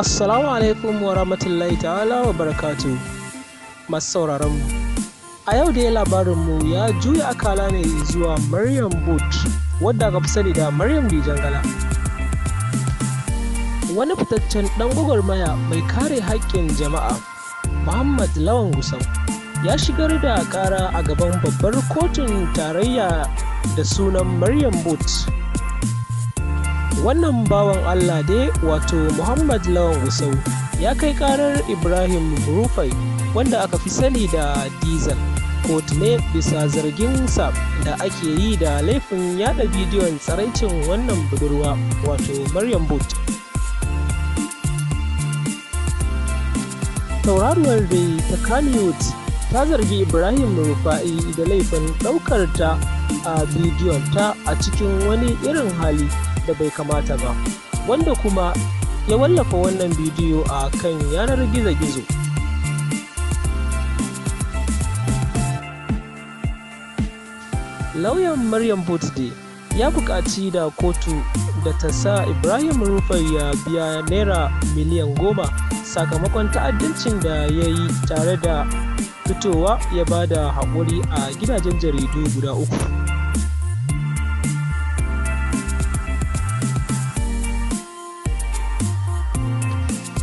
Assalamu alaikum wa rahmatullahi ta'ala wa barakatu masu sauraron mu. A yau da ya labarinmu ya juya akala ne zuwa Maryam Boot wadda aka sani da Maryam Dijangala. Wani fitaccen ɗan gwagwarmaya mai kare haƙƙin jama'a Muhammad Lawan Gusau ya shigar da ƙara a gaban babbar kotun tarayya da sunan Maryam Boot. wannan bawan allah dai wato muhammad lawan Usau ya kai karar ibrahim rufai wanda aka fi sani da dizal kotu ne bisa zargin sa da ake yi da laifin yada bidiyon tsaraicin wannan budurwa wato maryam boot tauraruwar dai ta Kannywood ta zargi ibrahim rufa'i da laifin ɗaukar ta a bidiyon ta a cikin wani irin hali da bai kamata ba wanda kuma ya wallafa wannan bidiyo a kan yanar gizo-gizo lauyan maryam botde ya buƙaci da kotu da ta sa ibrahim rufai ya biya naira miliyan goma sakamakon ta'addancin da ya yi tare da fitowa ya ba da haƙuri a gidajen jaridu guda uku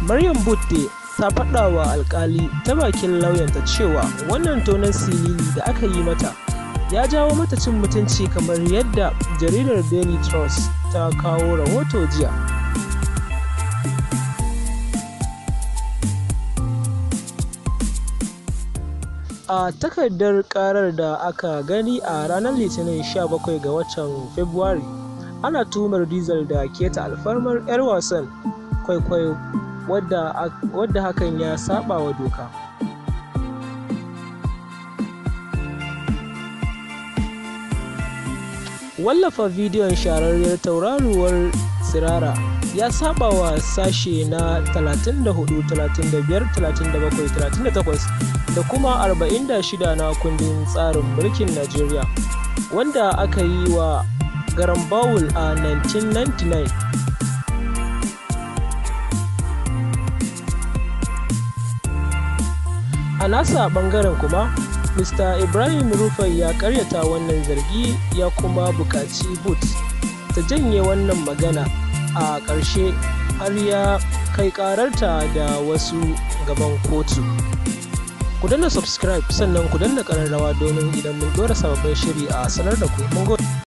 maryam butte ta faɗa wa alkali ta bakin lauyanta cewa wannan tonon silili da aka yi mata ya jawo mata cin mutunci kamar yadda jaridar daily trust ta kawo rahoto jiya a takardar karar da aka gani a ranar litinin 17 ga watan fabrairu ana tumar diesel da keta alfarmar 'yar wasan kwaikwayo wadda hakan ya saba doka wallafa bidiyon shararriyar tauraruwar tsirara ya saba wa sashe na 34 35 37 38 da kuma 46 na kundin tsarin mulkin najeriya wanda aka yi wa garan bawul a 1999 a nasa bangaren kuma mr ibrahim rufai ya karyata wannan zargi ya kuma bukaci boots ta janye wannan magana a ƙarshe har ya kai ƙararta da wasu gaban kotu ku danna subscribe sannan ku danna ƙararrawa domin idan mun ɗora sababbin shiri a sanar da ku